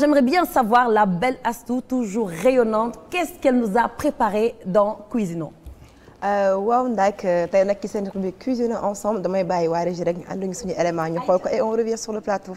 J'aimerais bien savoir, la belle Astou, toujours rayonnante, qu'est-ce qu'elle nous a préparé dans Cuisinons euh, waaw ndak euh, tey nag ci seen rubrique Cuisinons ensemble damay bàyyi waa régie rek ñu ànduñu suñu élément ñu xool ko et on revient sur le plateau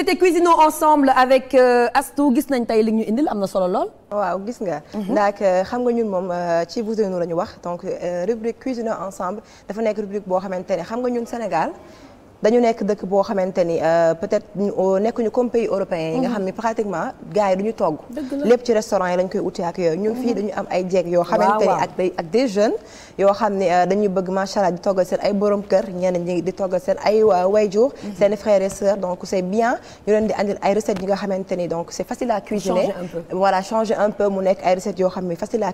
c'était cuisinons ensemble avec euh, Astou gis nañ tey li ñu indil am na solo lool. waaw gis nga. Mhm. ndax euh, xam nga ñun moom euh, ci Vous et la ñu wax donc rubrique cuisinons ensemble dafa nekk rubrique boo xamante ne xam nga ñun Sénégal. dañu nekk dëkk boo xamante ni euh, peut-être euh, nekkuñu comme pays européens yi nga mhm. xam ni pratiquement gars yi duñu togg lépp ci restaurant yi lañ koy uti ak yooyu ñun fii mhm. dañu am ay jeeg yoo xamante ni ak ak des jeunes yoo xam ne euh, dañuy bëgg machallah di toggal seen ay borom kër ñenn ñi di toggal seen ay wayjur mhm. seen frères et sœurs donc c'est bien ñu leen di andil ay recettes yi nga xamante ni donc c'est facile à cuisiner voilà changer un yoo xam ne facile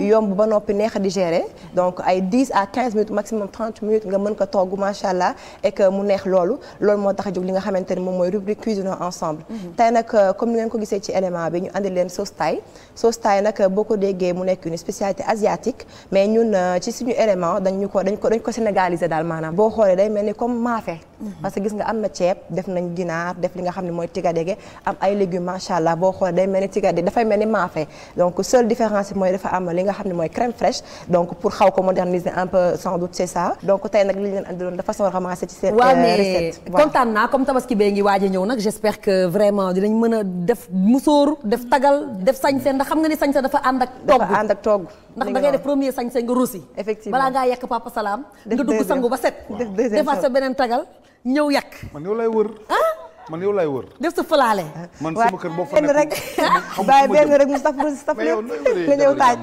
yomb ba noppi neex a digérer donc ay 10 à 15 minutes maximum 30 minutes nga mën ko togg machallah mu neex loolu loolu moo tax a jóg li nga xamante ne moom mooy rubrique cuisinons ensemble mhm. tey nag euh, comme ni ngeen ko gisee ci élément bi ñu andi leen sauce Thaï sauce nag euh, boo ko déggee mu nekk une spécialité asiatique mais ñun euh, ci suñu élément dañu ko dañ ko dañ ko sénégaliser daal maanaam boo xoolee day mel ni comme maafe parce que gis nga am na ceeb def nañ ginaar def li nga xam ne mooy tigadege am ay légumes macha allah boo xoolee day mel ni tigadege dafay mel ni maafe donc seule différence bi mooy dafa am li nga xam ne mooy crème fraîche donc pour xaw ko moderniser un peu sans doute c'est ça donc de façon ramassée ci seen euh, recette comme tabaski bee ngi waaj a ñëw nag j'espère que vraiment dinañ mën a def musóor def tagal def sañse ndax xam nga ni sañse dafa ànd ak togg dafa ànd ak togg ndax da ngay def premier sañse nga ruusi effectivement balaa ngaa yekk papa salaam nga dugg sangu ba set defaat sa beneen ñëw yàq. man yow lay wër. Ah? man yow lay wër. def sa fëlaale. man sama kër boo fa nekk rek. bàyyi benn rek mu saf mu saf lépp nga ñëw taaj.